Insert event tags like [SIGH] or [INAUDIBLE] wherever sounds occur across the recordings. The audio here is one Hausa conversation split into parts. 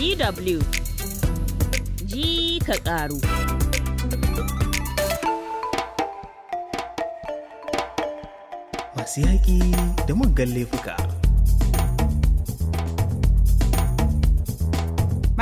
DW ji ka ƙaru. Masu yaƙi da muggan laifuka.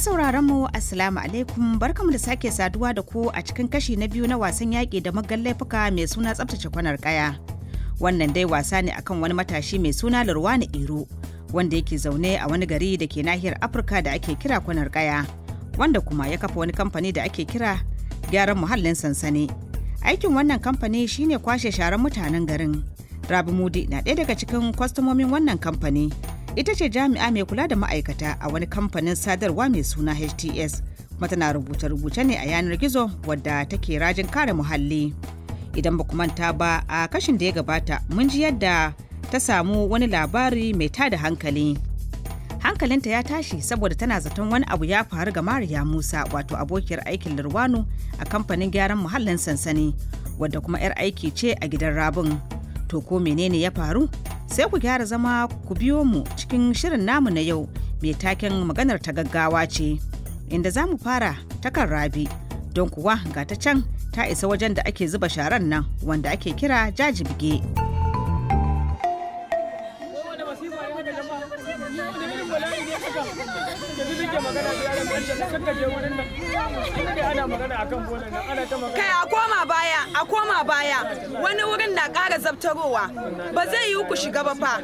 sauraron mu 'asalamu alaikum barkamu da sake saduwa da ku a cikin kashi na biyu na wasan yaƙi da muggan laifuka mai suna tsabtace kwanar kaya. Wannan dai wasa ne akan wani matashi mai suna na Iro wanda yake zaune a wani gari da ke nahiyar afirka da ake kira kwanar kaya wanda kuma ya kafa wani kamfani da ake kira gyaran muhallin sansani aikin wannan kamfani shine kwashe sharan mutanen garin rabi mudi na ɗaya daga cikin kwastomomin wannan kamfani ita ce jami'a mai kula da ma'aikata a wani kamfanin sadarwa mai suna hts kuma tana rubuce-rubuce ne a yanar gizo wadda take rajin kare muhalli idan ba manta ba a kashin da ya gabata mun ji yadda ta samu wani labari mai tada hankali hankalinta ya tashi saboda tana zaton wani abu ya faru ga mariya musa wato abokiyar aikin lirwano a kamfanin gyaran muhallin sansani wadda kuma 'yar aiki ce a gidan rabin to ko menene ya faru sai ku gyara zama ku biyo mu cikin shirin namu na yau mai taken maganar ta gaggawa ce inda za mu fara takan rabi don kuwa ga ta can ta isa wajen da ake zuba sharan nan wanda ake kira Jaji bige kai a koma baya a koma baya wani wurin na ƙara zabtarowa ba zai yi ku shiga ba fa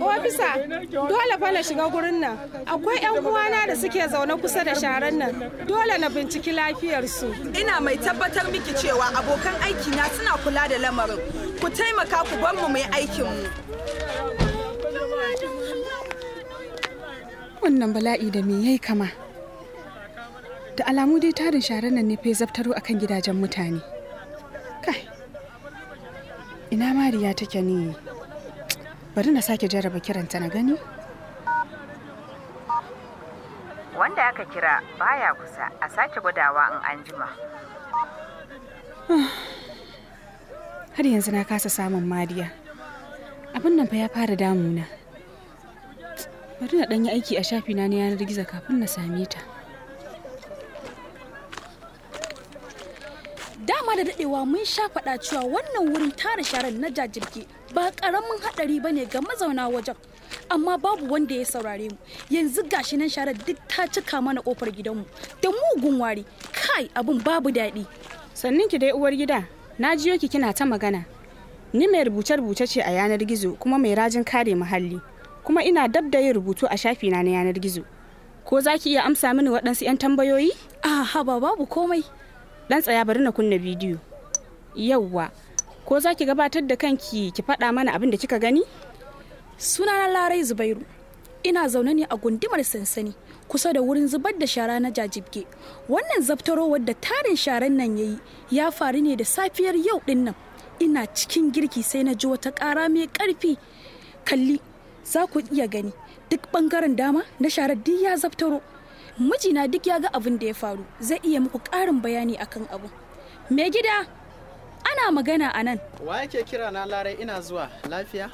ofisa dole fa na shiga gurin nan akwai yan uwana da suke zaune kusa da sharan nan dole na binciki lafiyar su. ina mai tabbatar miki cewa abokan aiki na suna kula da lamarin ku taimaka ku bar mu mai mu wannan bala'i da me yayi kama da alamu dai tarin sharan nan ne fa zaftaro akan gidajen mutane kai ina mariya take ne bari na sake jarraba kiranta na gani wanda aka kira baya kusa a sake gwadawa in an jima [SIGHS] har yanzu na kasa samun mariya abin nan fa ya fara damuna bari na ɗanyi aiki a shafina na yanar gizo kafin na same ta dama da daɗewa mun sha faɗa cewa wannan wurin tara sharan na jajirge ba ƙaramin haɗari ba ne ga mazauna wajen amma babu wanda ya saurare mu yanzu gashi nan sharar duk ta cika mana ƙofar gidanmu da mugun wari kai abin babu daɗi sannin ki dai uwar gida na jiyo ki kina ta magana ni mai rubuce-rubuce ce a yanar gizo kuma mai rajin kare muhalli kuma ina dab da yin rubutu a shafina na yanar gizo ko za ki iya amsa mini waɗansu 'yan tambayoyi? aha ba babu komai dan tsaya bari na kunna bidiyo yawwa ko za ki gabatar da kanki ki faɗa mana abin da kika gani sunana larai zubairu ina zaune ne a gundumar sansani kusa da wurin zubar da shara na jajibge wannan zabtaro wadda tarin sharan nan yayi ya faru ne da safiyar yau ɗin nan ina cikin girki sai na ji wata ƙara mai ƙarfi kalli za ku iya gani duk bangaren dama na sharar duk ya zaftaro mijina duk ya ga abin da ya faru zai iya muku ƙarin bayani akan abu mai gida ana magana a nan wa yake kira na lare ina zuwa lafiya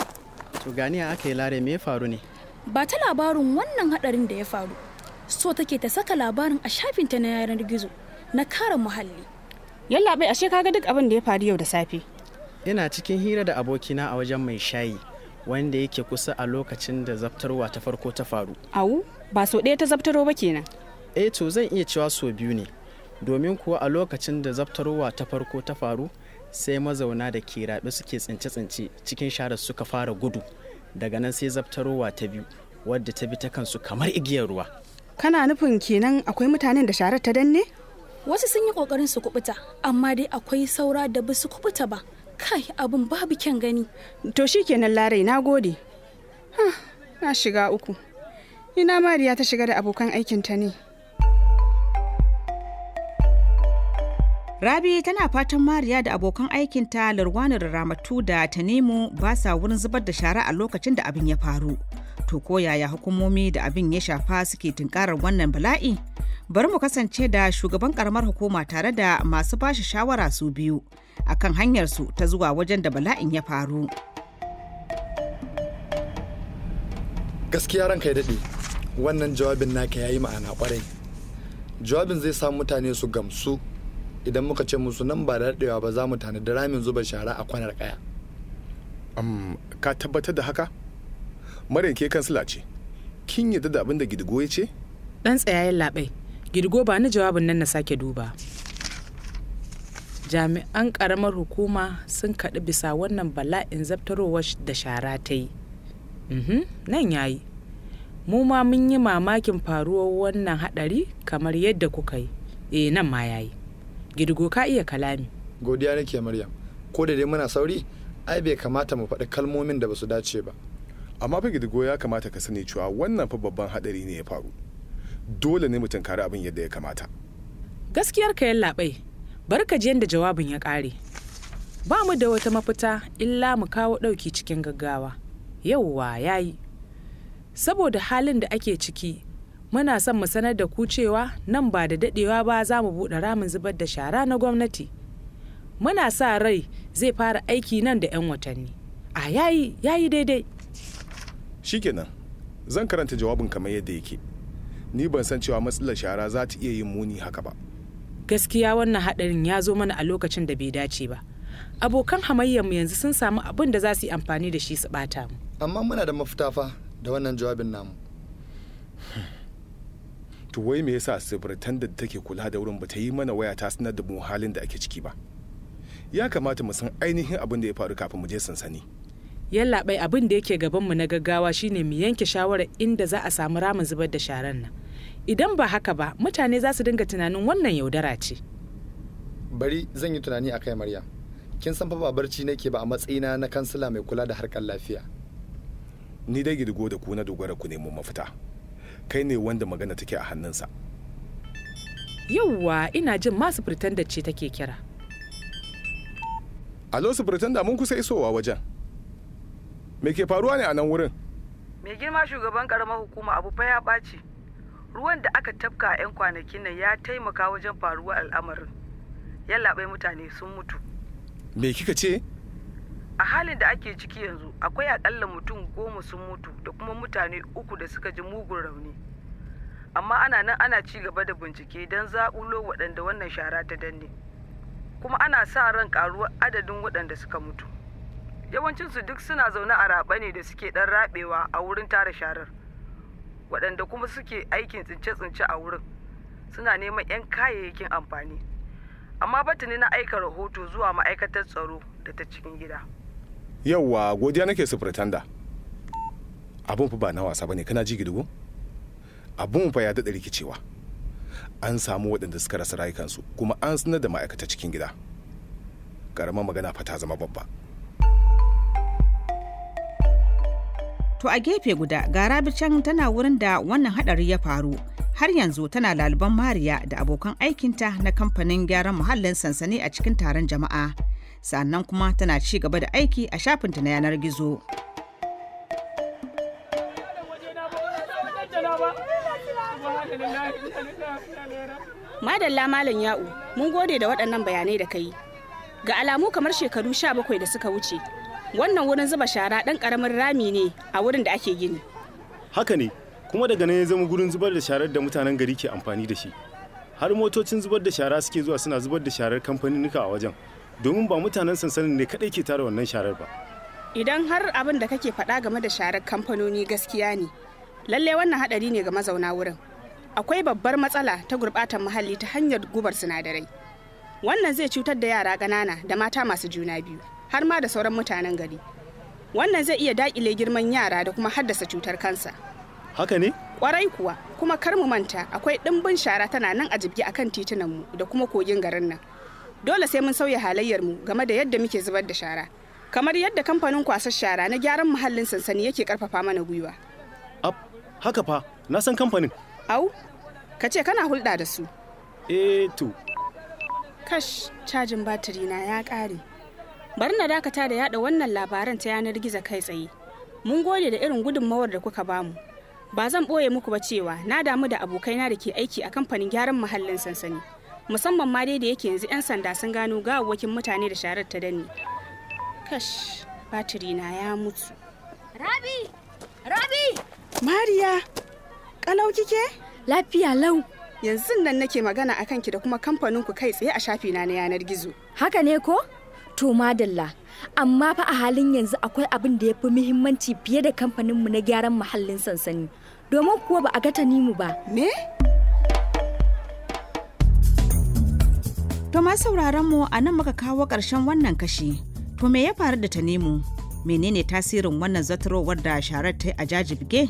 to aka yi lare me ya faru ne ba ta labarin wannan hadarin da ya faru so take ta saka labarin a shafinta na yanar gizo na kara muhalli yalla bai ashe kaga duk abin da ya faru yau da safe ina cikin hira da abokina a wajen mai shayi wanda yake kusa a lokacin da zabtarwa ta farko ta faru. Au, ba sau ɗaya ta zabtaro ba kenan. Eh to zan iya cewa sau biyu ne, domin kuwa a lokacin da zabtarwa ta farko ta faru sai mazauna da ke raɓe suke tsince-tsince cikin sharar suka fara gudu. Daga nan sai zabtarwa ta biyu, wadda ta bi ta kansu kamar igiyar ruwa. Kana nufin kenan akwai mutanen da sharar ta danne? Wasu sun yi ƙoƙarin su kubuta, amma dai akwai saura da ba su kubuta ba. kai abin babu kyan gani to shikenan larai na gode na shiga uku ina mariya ta shiga da abokan aikinta ne Rabi tana fatan Mariya da abokan aikinta larwanar Ramatu da Tanimu ba sa wurin zubar da shara a lokacin da abin ya faru. To ko yaya hukumomi da abin ya shafa suke tunkarar wannan bala'i? Bari mu kasance da shugaban karamar hukuma tare da masu bashi shawara su biyu akan su ta zuwa wajen da bala'in ya faru. Gaskiya ranka ya daɗe, wannan jawabin naka ya yi ma'ana ƙwarai. Jawabin zai sa mutane su gamsu idan muka ce musu nan ba da daɗewa ba za mu tanadi ramin zuba shara a kwanar ƙaya. ka tabbatar da haka? marin ke kansila ce. Kin yadda da abin da Gidigo ya ce? Dan tsayayen labai. Gidigo ba ni jawabin nan na sake duba. Jami'an karamar hukuma sun kaɗi bisa wannan bala'in zabtarowa da shara ta yi. Mhm, nan yayi. Mu ma mun yi mamakin faruwar wannan haɗari kamar yadda kuka yi. e nan ma yayi. Gidigo ka iya kalami. Godiya nake Maryam. Ko da dai muna sauri, ai bai kamata mu faɗi kalmomin da ba su dace ba. amma fa gidigo ya kamata ka sani cewa wannan fa babban hadari ne ya faru dole ne mutum kare abin yadda ya kamata gaskiyar ka yallaɓai bar ka ji yadda jawabin ya kare ba mu da wata mafita illa mu kawo ɗauki cikin gaggawa yauwa ya yi saboda halin da ake ciki muna son mu sanar da ku cewa nan ba da dadewa ba za mu buɗe ramin zubar da shara na gwamnati muna sa rai zai fara aiki nan da 'yan watanni a yayi yayi daidai shikenan zan karanta jawabin kamar yadda yake ni ban san cewa matsalar shara za ta iya yin muni haka ba gaskiya wannan haɗarin ya zo mana a lokacin da bai dace ba abokan hamayyarmu yanzu sun samu abin da za su yi amfani da shi su bata mu amma muna da mafita fa da wannan jawabin namu [SIGHS] to wai me yasa sibirtan da take kula da wurin ba ta yi mana waya ta sanar da mu halin da ake ciki ba ya kamata mu san ainihin abin da ya faru kafin mu je sansani yallaɓai abin da yake gabanmu na gaggawa shine mu yanke shawarar inda za a samu ramin zubar da sharan nan idan ba haka ba mutane za su dinga tunanin wannan yaudara ce bari zan yi tunani akai maryam kin san fa ba barci nake ba a matsayina na kansila mai kula da harkar lafiya ni dai girgo da ku na dogara ku nemo mafita kai ne wanda magana take a hannunsa yauwa ina jin masu pretender ce take kira alo su pretender mun kusa isowa wajen me ke faruwa ne a nan wurin mai girma shugaban karamar hukuma abu fa ya ɓaci ruwan da aka tafka a 'yan kwanakin nan ya taimaka wajen faruwa al'amarin labai mutane sun mutu me kika ce a halin da ake ciki yanzu akwai akalla mutum goma sun mutu da kuma mutane uku da suka ji mugun rauni amma ana nan ana ci gaba da bincike don zaɓulo waɗanda wannan shara ta danne kuma ana sa ran ƙaruwar adadin waɗanda suka mutu yawancinsu duk suna zaune a raɓa ne da suke ɗan raɓewa a wurin tara sharar waɗanda kuma suke aikin tsince-tsince a wurin suna neman 'yan kayayyakin amfani amma batini na aika rahoto zuwa ma'aikatar tsaro da ta cikin gida yauwa godiya nake su pretender abun fa ba na wasa bane kana ji gidugu abun fa ya daɗa rikicewa an samu waɗanda suka rasa rayukansu kuma an sanar da ma'aikata cikin gida ƙaramar magana fa ta zama babba To a gefe guda ga Rabi tana wurin da wannan hadari ya faru. Har yanzu tana laliban Mariya da abokan aikinta na kamfanin gyaran muhallin sansani a cikin taron jama'a. Sannan kuma tana ci gaba da aiki a shafinta na yanar gizo. Madalla Malam Ya'u, mun gode da waɗannan bayanai da kai, Ga alamu kamar shekaru 17 da suka wuce, wannan wurin zuba shara dan karamin rami ne a wurin da ake gini haka ne kuma daga nan ya zama gurin zubar da sharar da mutanen gari ke amfani da shi har motocin zubar da shara suke zuwa suna zubar da sharar kamfaninnika a wajen domin ba mutanen sansanin ne kadai ke tara wannan sharar ba idan har abin da kake faɗa game da sharar kamfanoni gaskiya ne lalle wannan haɗari ne ga mazauna wurin akwai babbar matsala ta gurɓatar muhalli ta hanyar gubar sinadarai wannan zai cutar da yara ƙanana da mata masu juna biyu har ma da sauran mutanen gari wannan zai iya daƙile girman yara da kuma haddasa cutar kansa haka ne kwarai kuwa kuma kar mu manta akwai ɗimbin shara tana nan a jibgi akan titunan mu da kuma kogin garin nan dole sai mun sauya halayyar mu game da yadda muke zubar da shara kamar yadda kamfanin kwasar shara na gyaran muhallin sansani yake karfafa mana gwiwa ab haka fa na san kamfanin au ka ce kana hulɗa da su eh to kash cajin batiri na ya ƙare bari na dakata da yada wannan labaran ta yanar gizo kai tsaye mun gode da irin gudunmawar da kuka bamu ba zan ɓoye muku ba cewa na damu da abokaina da ke aiki a kamfanin gyaran muhallin sansani musamman ma dai da yake yanzu 'yan sanda sun gano gawawwakin mutane da sharar ta danne kash batiri na ya mutu rabi rabi mariya kalau kike lafiya lau yanzu nan nake magana akan ki da kuma kamfanin ku kai tsaye a shafina na yanar gizo haka ne ko To madalla, amma fa a halin yanzu akwai abin da ya fi muhimmanci fiye da kamfaninmu na gyaran muhallin sansani. Domin kuwa ba a ga mu ba. Me? To ma sauraron mu a nan muka kawo ƙarshen wannan kashi. To me ya faru da tanimu Menene tasirin wannan zatarowar da sharar ta a jajibge?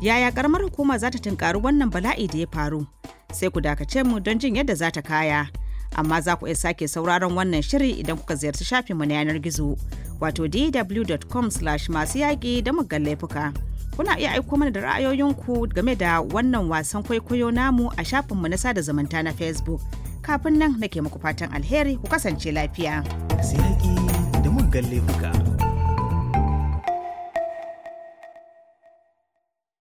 Yaya karamar hukuma za ta tunkari wannan bala'i da ya faru? Sai ku dakace mu don jin yadda za ta kaya. amma za ku iya sake sauraron wannan shiri idan kuka ziyarci shafin mu na yanar gizo wato dw.com masu yaƙi da muggan laifuka. Kuna iya aiko mana da ra'ayoyinku game da wannan wasan kwaikwayo namu a shafin mu na sada zumunta na Facebook. Kafin nan nake muku fatan alheri ku kasance lafiya. Masu da muggan laifuka.